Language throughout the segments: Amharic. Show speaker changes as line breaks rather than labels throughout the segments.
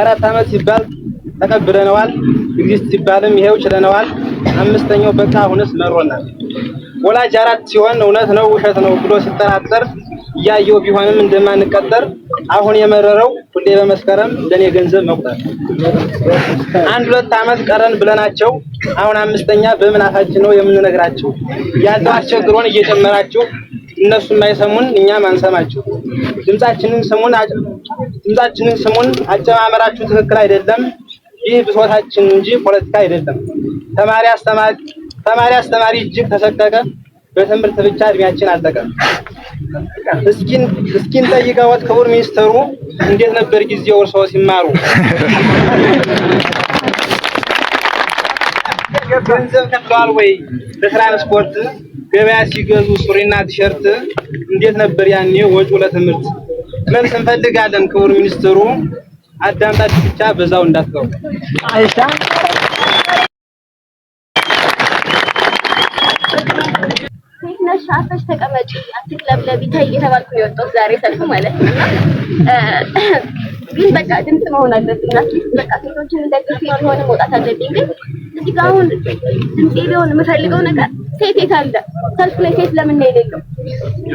አራት ዓመት ሲባል ተከብረነዋል። ትዕግስት ሲባልም ይሄው ችለነዋል። አምስተኛው በቃ አሁንስ መሮናል። ወላጅ አራት ሲሆን እውነት ነው ውሸት ነው ብሎ ሲጠራጠር እያየው ቢሆንም እንደማንቀጠር አሁን የመረረው ሁሌ በመስከረም እንደኔ ገንዘብ መቁጠር። አንድ ሁለት ዓመት ቀረን ብለናቸው አሁን አምስተኛ በምን አፋችን ነው የምንነግራቸው? ያለው አስቸግሮን እየጨመራችሁ እነሱ የማይሰሙን እኛም አንሰማችሁ ድምጻችንን ስሙን ድምጻችንን ስሙን። አጨማመራችሁ ትክክል አይደለም። ይህ ብሶታችን እንጂ ፖለቲካ አይደለም። ተማሪ አስተማሪ እጅግ ተሰቀቀ። በትምህርት ብቻ እድሜያችን አለቀ። እስኪን ጠይቀዎት ክቡር ሚኒስትሩ እንዴት ነበር ጊዜው እርስዎ ሲማሩ? ገንዘብ ከፍለዋል ወይ? ለትራንስፖርት ገበያ ሲገዙ ሱሪና ቲሸርት እንዴት ነበር ያኔ ወጪው ለትምህርት መልስ እንፈልጋለን። ክቡር ሚኒስትሩ አዳምጣችሁ ብቻ በዛው እንዳትቀሩ። አይሻ
ነሽ አፈሽ ተቀመጪ አትክለብለቢ ታይ እየተባልኩ ነው የወጣሁት ዛሬ ሰልፍ ማለት ነው። ግን በቃ ድምጽ መሆን አለብኝ እና በቃ ሴቶችን እንደግፍ የሆነ መውጣት አለብኝ። ግን እዚህ ጋር አሁን ድምጽ ሊሆን የምፈልገው ነገር ሴት የት አለ? ሰልፍ ላይ ሴት ለምን ነው የሌለው?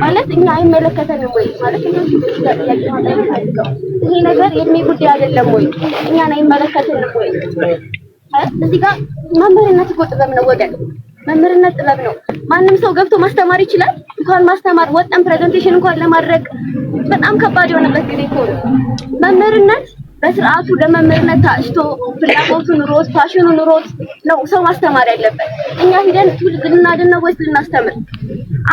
ማለት እኛ አይመለከተንም ወይ ማለት እኛ ይሄ ነገር የእድሜ ጉዳይ አይደለም ወይ? እኛን አይመለከተንም ወይ? እዚህ ጋር መምህርነት እኮ ጥበብ ነው ወገን፣ መምህርነት ጥበብ ነው። ማንም ሰው ገብቶ ማስተማር ይችላል። እንኳን ማስተማር ወጣን ፕሬዘንቴሽን እንኳን ለማድረግ በጣም ከባድ የሆነበት ጊዜ እኮ ነው መምህርነት በስርዓቱ ለመምህርነት ታጭቶ ፍላጎቱ ኑሮት ፋሽኑ ኑሮት ነው ሰው ማስተማር ያለበት። እኛ ሂደን ትውልድ ልናድን ነው ወይስ ልናስተምር?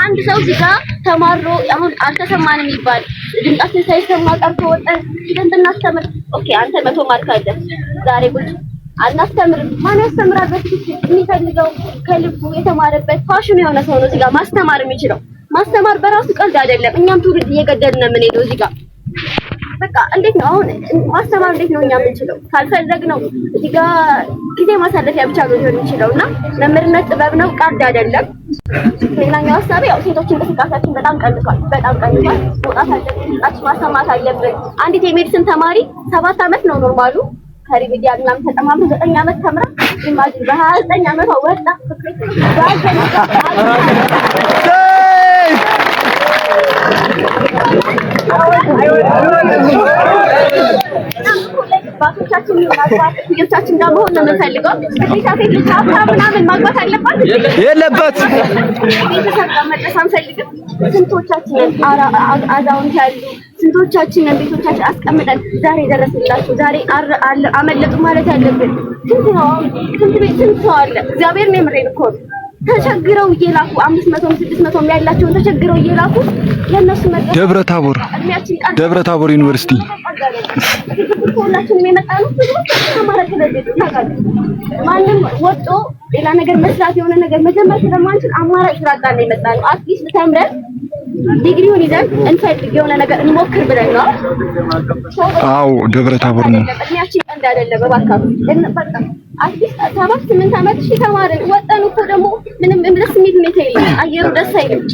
አንድ ሰው ሲጋ ተማሮ አሁን አልተሰማንም ይባል ድምጻችን ሳይሰማ ቀርቶ ወጠን ሂደን ብናስተምር፣ ኦኬ አንተ መቶ ማርክ አለ ዛሬ ጉድ አናስተምርም። ማን ያስተምራል? በትክክል የሚፈልገው ከልቡ የተማረበት ፋሽኑ የሆነ ሰው ነው ሲጋ ማስተማር የሚችለው። ማስተማር በራሱ ቀልድ አይደለም። እኛም ትውልድ እየገደልን ነው የምንሄደው እዚጋ በቃ እንዴት ነው አሁን ማስተማር እንዴት ነው እኛ የምንችለው? ካልፈለግ ነው እዚህ ጋ ጊዜ ማሳለፊያ ብቻ ነው ሊሆን የሚችለው እና መምህርነት ጥበብ ነው፣ ቀልድ አይደለም። ሌላኛው ሀሳቤ ያው ሴቶች እንቅስቃሴያችን በጣም ቀንሷል፣ በጣም ቀንሷል። መውጣት አለብን፣ ማሰማት አለብን። አንዲት የሜዲስን ተማሪ ሰባት ዓመት ነው ኖርማሉ ከሪቪዲያ ምናምን ተጠማምቶ ዘጠኝ ዓመት ተምራ ኢማጂን በሀያ ዘጠኝ ዓመቷ ወጣ ባቶቻችን መሆን ነው የምንፈልገው። ማግባት አለባት የለባት ቤተሰብ አንፈልግም። ስንቶቻችንን አዛውንት ያሉ ስንቶቻችንን ቤቶቻችን አስቀምጠን ዛሬ ደረስንላቸው ዛሬ አመለጡ ማለት ያለብን ስንት ነው? ስንት ቤት ስንት ሰው አለ? እግዚአብሔር ነው የምሬን እኮ ነው ተቸግረው እየላኩ አምስት መቶ ስድስት መቶ ያላቸውን ተቸግረው እየላኩ
ለእነሱ ደብረ ታቦር ደብረ ታቦር ዩኒቨርሲቲ
ሁላችንም የመጣ ነው። ማንም ወጦ ሌላ ነገር መስራት የሆነ ነገር መጀመር ስለማንችል አማራጭ ስራጣ ነው የመጣ ነው። አትሊስት ተምረን ዲግሪውን ይዘን እንፈልግ የሆነ ነገር እንሞክር ብለን ነው።
አዎ ደብረ ታቦር ነው።
እድሜያችን አይደለም። አዲስ ሰባት ስምንት ዓመት እሺ ተማርን ወጠን እኮ ደግሞ ምንም ደስ የሚል ሁኔታ የለም። አየሩ ደስ አይልም።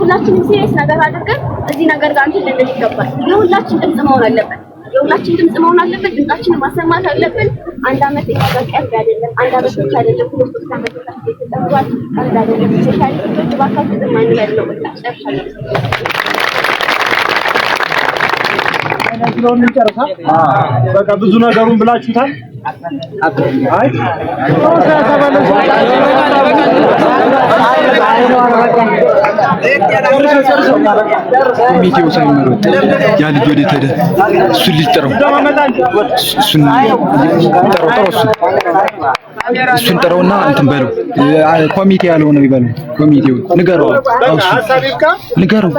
ሁላችንም ሲሪየስ ነገር አድርገን እዚህ ነገር ጋር እንትን ልንል ይገባል። የሁላችን ድምጽ መሆን አለበት። የሁላችን ድምጽ መሆን አለበት። ድምጻችንን ማሰማት አለብን። አንድ አመት እኛ አይደለም። አንድ አመት ብቻ አይደለም፣ ሁለት ሶስት አመት ታስ ተጠሯል። አይደለም። ሶሻል ሚዲያዎች ባካችሁ ዝም አንበል ነው በቃ ጨርሻለሁ።
በቃ ብዙ ነገሩን ብላችሁታል።
ኮሚቴው ሳይመረጥ ያ ልጅ ወደ ተደ እሱን ልጅ ጥረው እሱን ጥረው ጥረው እሱን እሱን ጥረውና እንትን በለው ኮሚቴ ያለው ይበለው። ኮሚቴው ንገረው፣ ንገረው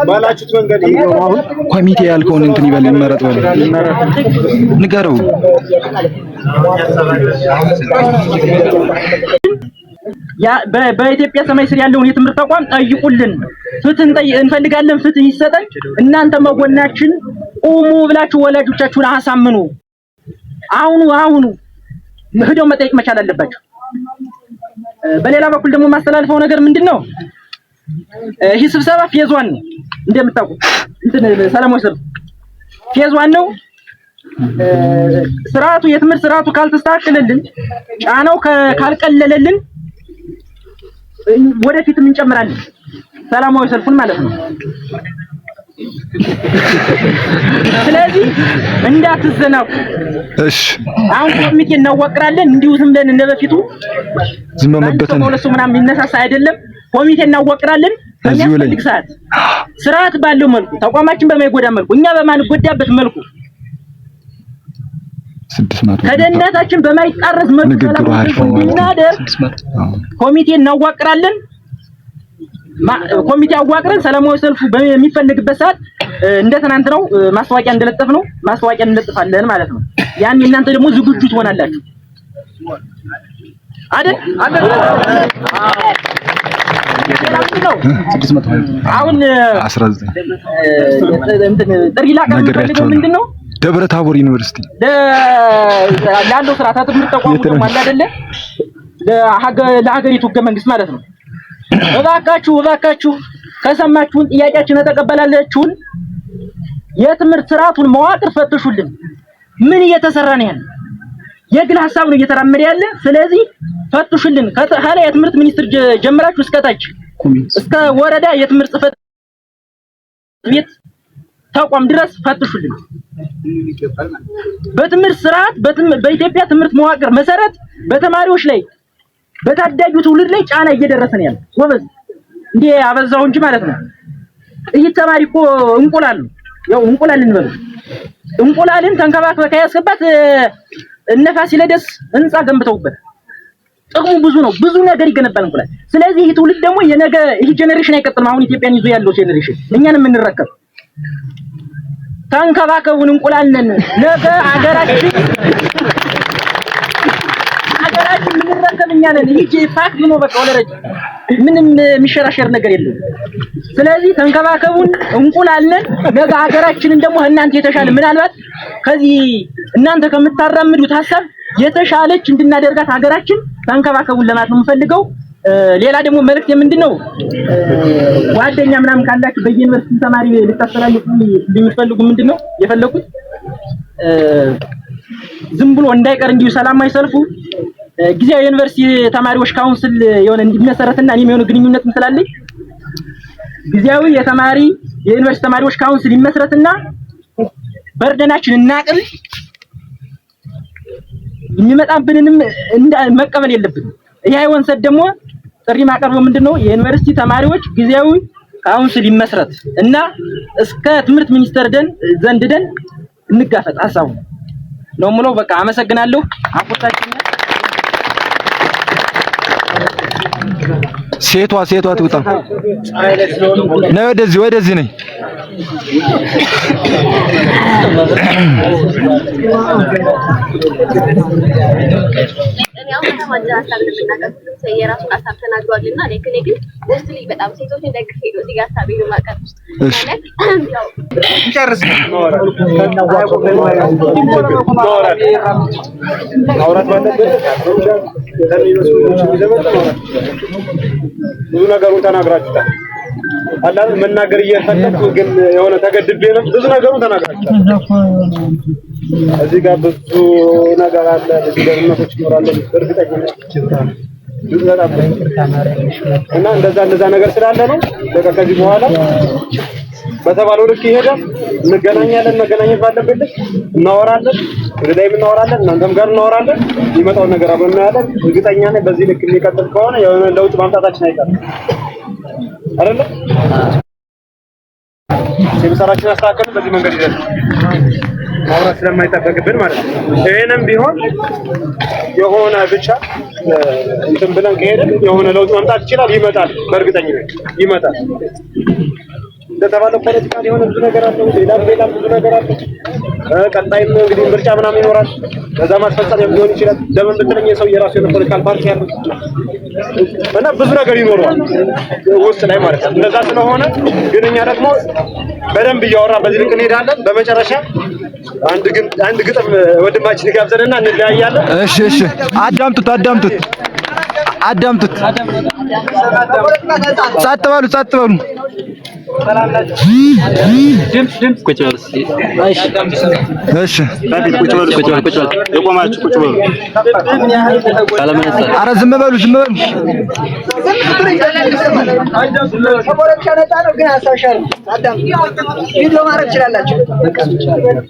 ኮሚቴ ያልከውን እንትን ይበል ይመረጥ በለው ንገረው።
በኢትዮጵያ ሰማይ ስር ያለውን የትምህርት ተቋም ጠይቁልን። ፍትህ እንፈልጋለን፣ ፍትህ ይሰጠን። እናንተ መጎናችን ቁሙ ብላችሁ ወላጆቻችሁን አሳምኑ። አሁኑ አሁኑ ሂደው መጠየቅ መቻል አለባቸው። በሌላ በኩል ደግሞ የማስተላልፈው ነገር ምንድን ነው? ይህ ስብሰባ ፌዝ ነው እንደምታውቁ እንትን ሰላማዊ ሰልፍ ፌዝ ነው። ስርዓቱ የትምህርት ስርዓቱ ካልተስተካከለልን፣ ጫናው ካልቀለለልን ወደፊትም እንጨምራለን። ሰላማዊ ሰልፉን ማለት ነው። ስለዚህ እንዳትዘናው። እሺ፣ አሁን ኮሚቴ እናዋቅራለን። እንዲሁ ዝም ብለን እንደበፊቱ
ዝም መበተን ነው
ምናምን አይደለም። ኮሚቴ እናዋቅራለን
በሚያስፈልግ ሰዓት
ስርዓት ባለው መልኩ ተቋማችን በማይጎዳ መልኩ እኛ በማንጎዳበት መልኩ ከደህንነታችን በማይጣረስ መልኩ ኮሚቴ እናዋቅራለን። ኮሚቴ አዋቅረን ሰላማዊ ሰልፉ በሚፈልግበት ሰዓት እንደ ትናንት ነው ማስታወቂያ እንደለጠፍ ነው ማስታወቂያ እንለጥፋለን ማለት ነው። ያን እናንተ ደግሞ ዝግጁ ትሆናላችሁ አይደል? አሁን
ጥሪ ላቀርብ ምንድን ነው ደብረ ታቦር ዩኒቨርሲቲ
ለአንዱ ስራ ትምህርት ተቋሙ ደግሞ አለ አይደለ? ለሀገሪቱ ህገ መንግስት ማለት ነው። እባካችሁ እባካችሁ ከሰማችሁን ጥያቄያችን ተቀበላላችሁን የትምህርት ስርዓቱን መዋቅር ፈትሹልን። ምን እየተሰራ ነው ያለ? የግል ሀሳብ ነው እየተራመደ ያለ። ስለዚህ ፈትሹልን። ከላይ የትምህርት ሚኒስትር ጀምራችሁ እስከታች እስከ ወረዳ የትምህርት ጽህፈት ቤት ተቋም ድረስ ፈትሹልን። በትምህርት ስርዓት በኢትዮጵያ ትምህርት መዋቅር መሰረት በተማሪዎች ላይ በታዳጊው ትውልድ ላይ ጫና እየደረሰ ነው ያለው። ጎበዝ እንዴ አበዛው እንጂ ማለት ነው። ጥይት ተማሪ እኮ እንቁላል ነው። ያው እንቁላል እንበል እንቁላልን ተንከባክበህ ከያስከባት እነ ፋሲለደስ ህንጻ ገንብተውበታል። ጥቅሙ ብዙ ነው። ብዙ ነገር ይገነባል እንቁላል። ስለዚህ ይህ ትውልድ ደግሞ የነገ ይህ ጄኔሬሽን አይቀጥልም። አሁን ኢትዮጵያን ይዞ ያለው ጄኔሬሽን እኛንም እንረከብ ተንከባከቡን። እንቁላል ነን። ነገ አገራችን አገራችን የምንረከብ እኛ ነን። ይሄ ፋክት ነው። በቃ ወለረጅ ምንም የሚሸራሸር ነገር የለም። ስለዚህ ተንከባከቡን። እንቁላል ነን። ነገ አገራችንን ደግሞ እናንተ የተሻለ ምናልባት ከዚህ እናንተ ከምታራምዱት ሀሳብ የተሻለች እንድናደርጋት ሀገራችን ተንከባከቡን ለማለት ነው የምፈልገው። ሌላ ደግሞ መልእክት የምንድን ነው ጓደኛ ምናምን ካላችሁ በየዩኒቨርሲቲ ተማሪ ልታስተላልፉ የምትፈልጉ ምንድን ነው የፈለኩት ዝም ብሎ እንዳይቀር እንዲሁ ሰላማዊ ሰልፉ ጊዜያዊ ዩኒቨርሲቲ ተማሪዎች ካውንስል የሆነ እንዲመሰረትና እኔም የሆነ ግንኙነትም ስላለኝ ጊዜያዊ የተማሪ የዩኒቨርሲቲ ተማሪዎች ካውንስል ይመስረትና በርደናችን እናቅል የሚመጣብንንም መቀበል የለብንም። ይህ አይወንሰድ ደግሞ ጥሪ ማቀርበው ምንድነው የዩኒቨርሲቲ ተማሪዎች ጊዜያዊ ካውንስል ይመስረት እና እስከ ትምህርት ሚኒስቴር ደን ዘንድ ደን እንጋፈጥ ሀሳቡ ነው የምለው። በቃ አመሰግናለሁ። አቆጣችን
ሴቷ ሴቷ ትውጣ ነው። ወደዚህ ወደዚህ ነኝ።
ያው በጣም አዲስ ሀሳብ እንደምናቀርብ ሁሉም ሰው የራሱን ሀሳብ ተናግሯል እና እኔ ግን ውስጥ ልጅ በጣም ሴቶችን ደግፌ ነው እዚህ ጋር ሀሳቤ ነው ማቀርብ
ማለት ያው ብዙ ነገሩን ተናግራችሁታል። አላ መናገር እየፈለኩ ግን የሆነ ተገድቤ ነው ብዙ ነገሩን ተናግራችሁታል። እዚህ ጋር ብዙ ነገር አለ። ብዙ ደግነቶች ይኖራሉ። እና እንደዛ እንደዛ ነገር ስላለ ነው በቃ ከዚህ በኋላ በተባለው ልክ ይሄዳል። እንገናኛለን። መገናኘት ባለብን እናወራለን። ወደ ላይም እናወራለን፣ እናንተም ጋር እናወራለን። የሚመጣውን ነገር አብረን እናያለን። እርግጠኛ ነኝ በዚህ ልክ የሚቀጥል ከሆነ የሆነ ለውጥ ማምጣታችን አይቀርም አይደለ? የምሰራችን አስተካከሉ። በዚህ መንገድ ይዘን ማውራት ስለማይጠበቅብን ማለት ነው። ይህንም ቢሆን የሆነ ብቻ እንትን ብለን ከሄደን የሆነ ለውጥ መምጣት ይችላል። ይመጣል፣ በእርግጠኝነት ይመጣል። እንደተባለው ፖለቲካ የሆነ ብዙ ነገር አለው። ሌላም ሌላም ብዙ ነገር አለው። ቀጣይም እንግዲህ ምርጫ ምናምን ይኖራል። በዛ ማስፈጸም ሊሆን ይችላል። ለምን ብትለኝ ሰው የራሱ የሆነ ፖለቲካል ፓርቲ ያለ እና ብዙ ነገር ይኖረዋል ውስጥ ላይ ማለት ነው። እንደዛ ስለሆነ ግን እኛ ደግሞ በደንብ እያወራ በዚህ ልክ እንሄዳለን። በመጨረሻ አንድ ግን አንድ ግጥም ወንድማችን ይጋብዘንና እንለያያለን።
እሺ፣ እሺ፣ አዳምጡት፣ አዳምጡት፣ አዳምጡት። ጸጥ በሉ፣ ጸጥ በሉ
ቁጭ በል እስኪ። እሺ የቆማችሁ በሉ። ዝም በሉ ዝም በሉ። ነው
ግን ሀሳብ አዳም ቪዲዮ ማድረግ ትችላላችሁ።